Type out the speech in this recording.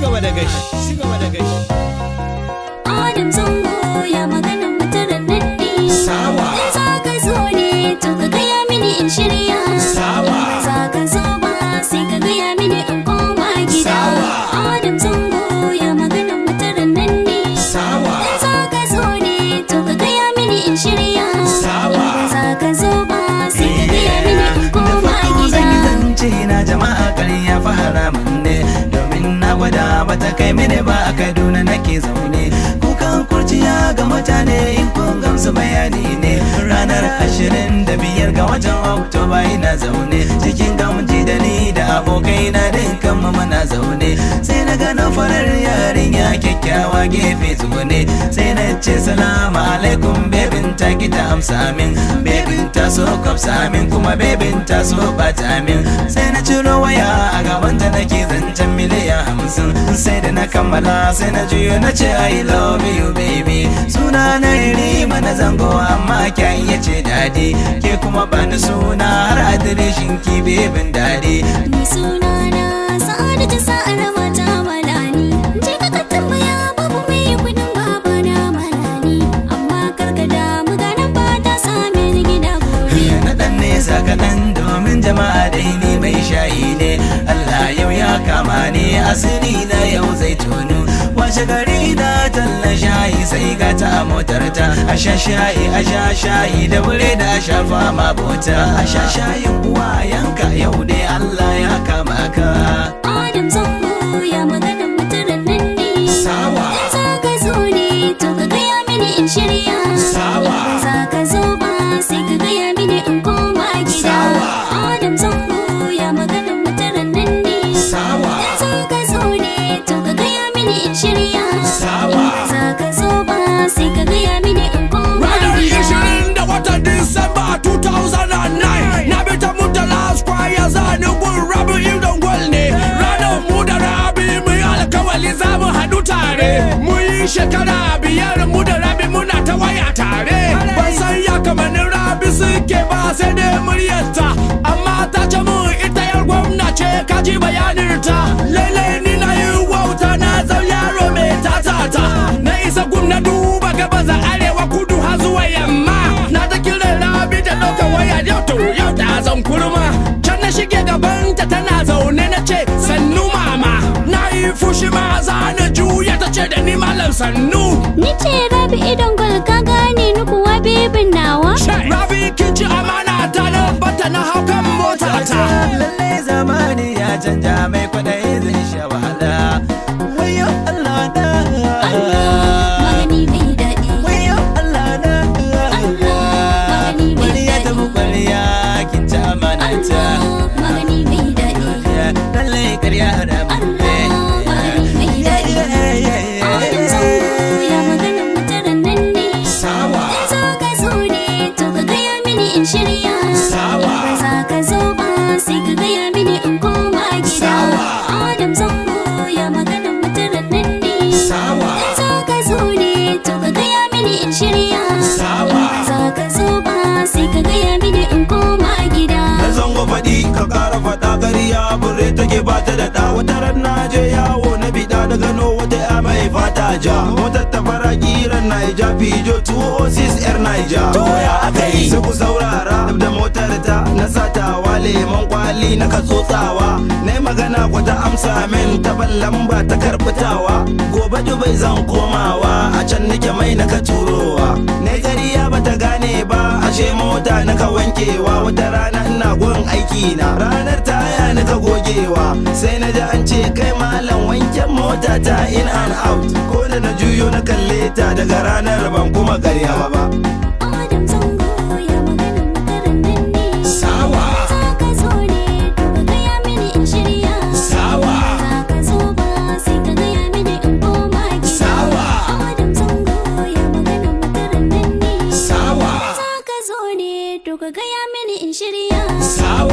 gaba da gashi ci gaba da gashi adam zango ya maganin mutumin nadi sawa in za ka zo ne to ka gaya mini in shirya sawa in za ka zo ba sai ka gaya mini in koma gida sawa adam zango ya maganin mutumin nadi sawa in za ka zo ne to ka gaya mini in shirya sawa in za ka zo ba sai ka gaya mini in koma gida na jama'a ta kai mini ba a kaduna nake zaune kukan kurciya ga mutane in kun gamsu bayani ne ranar ashirin da biyar ga watan oktoba ina zaune cikin gamji da ni da abokai na dinkan mu na zaune sai na gano farar yarinya kyakkyawa gefe zaune sai na ce salamu alaikum bebin ta gida ta amsa min bebin ta so kwafsa kuma bebin ta so bata min sai na ciro waya a gaban ta nake zan sai da na kammala sai na juyo na ce I love you baby suna na iri mana zango amma kyan ya ce daɗi ke kuma bani suna har adireshin ki bebin daɗi suna na ta sa'ar mata ne asiri na yau zai tono washe gari na talla shayi sai gata a motarta ta a sha shayi a sha shayi da wuri da shafa sha bota a sha shayin uwa yanka mun shekara biyar mu da rabi muna ta waya tare ban san ya kamanin rabi suke ba sai dai muryarta amma ta ce mun ita yar gwamna ce kaji ta, lailai ni na yi wauta na zau yaro mai ta zata, na isa gum na duba gabas arewa kudu har zuwa yamma na ta kira rabi da ɗauka waya yau to yau ta zan kurma can na shige ta tana zaune na ce sannu mama na yi fushi maza sannu ni ce rabi idon gwal ka gane ni kuwa bibin nawa rabi kin ci amana ta nan bata na haukan mota ta lallai zamani ya canja mai fure take bata ta da ɗa wata ran na je yawo na biɗa da gano wata ya mai fata ja motar ta fara kiran naija fijo 206 yar naija to ya aka yi su ku saurara da motar ta na satawa lemon kwali na ka tsotsawa na magana ku ta amsa min ta lamba ta karbatawa gobe dubai zan komawa a can nake mai na ka turowa na gari ya kashe mota na ka wankewa wata rana ina gurin aiki na ranar taya na ka gogewa sai na ji an ce kai malam wanken mota ta in and out ko da na juyo na kalle ta daga ranar ban kuma karyawa ba Saúde.